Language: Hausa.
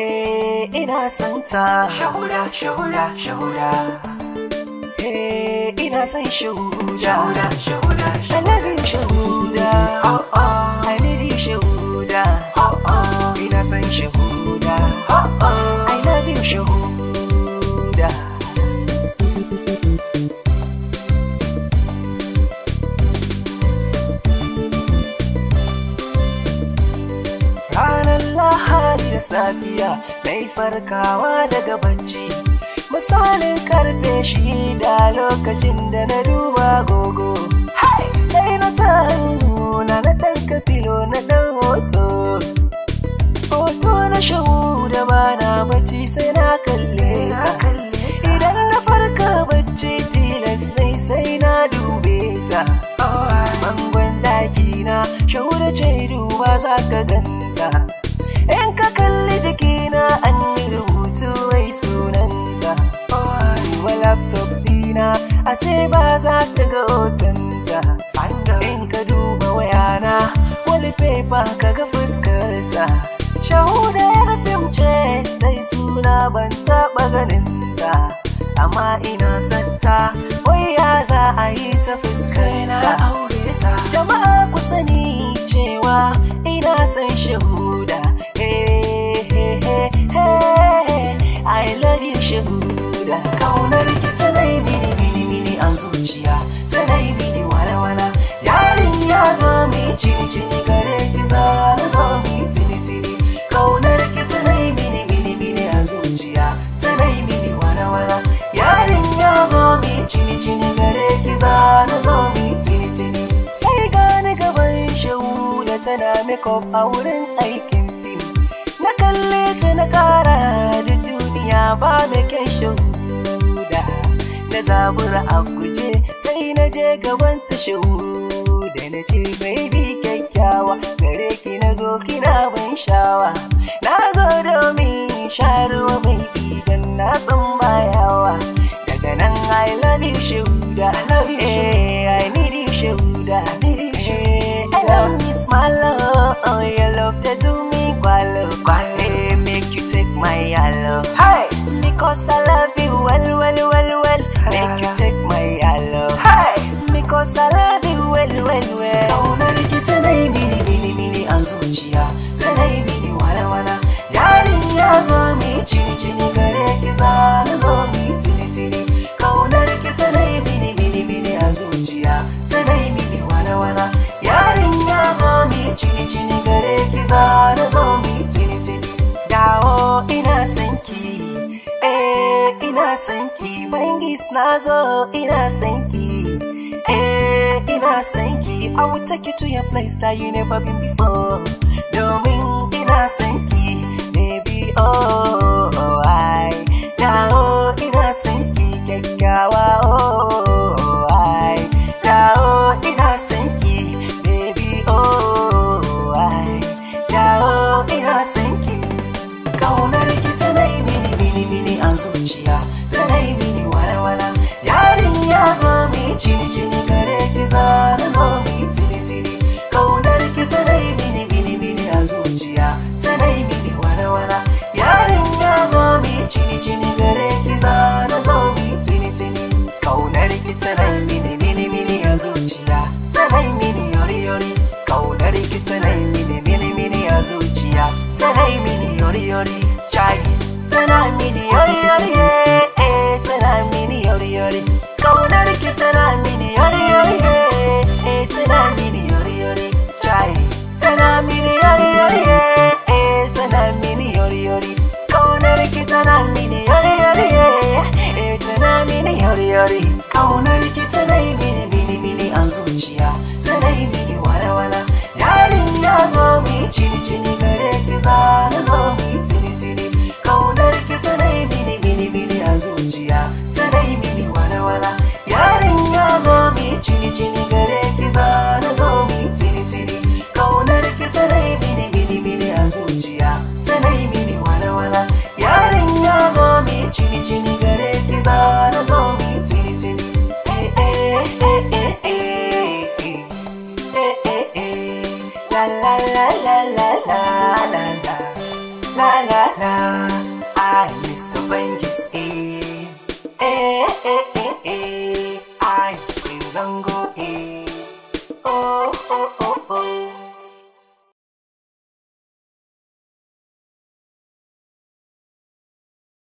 eh ina son ta shahura shahura shahura eh ina son shahura shahura shahura safiya mai farkawa daga bacci misalin karfe shi shida lokacin da na duba gogo ashe ba za ta ga hotunta in ka duba wayana wani pepa ka ga fuskarta ya fim ce dai suna ban taɓa ganinta amma ina santa wai ya za a yi ta fuskarta jama'a ku sani cewa ina san shahuda cini cini gare ki za na zo mi titini sai gane gaban shehu da tana makeup a wurin aikin fim na kalle ta na kara da duniya ba mai kyan shehu da na zabura a guje sai na je gaban ta shehu da na ce baby kyakkyawa gare ki na zo kina ban shawa na zo domin sharuwa mai bidan na san Because I love you well, well, well, well. Make you take my hello. Hey! Because I love you well, well, well. Kauna riki ta nai mini mini mini an zuciya. Ta nai mini wana wana. Yarin ya ni jini jini gare ki za ni zo please na zo ina sanki eh ina sanki I will take you to your place that you never been before domin ina sanki baby oh, oh I now oh, ina sanki kyakkyawa zuciya tana yi mini yori yori chai tana mini yori yori eh, eh. tana mini yori yori kaunar ki tana mini yori yori eh, eh. tana mini yori yori chai tana mini yori yori eh, eh. tana mini yori yori kaunar ki tana mini yori yori eh tana mini yori yori kaunar ki tana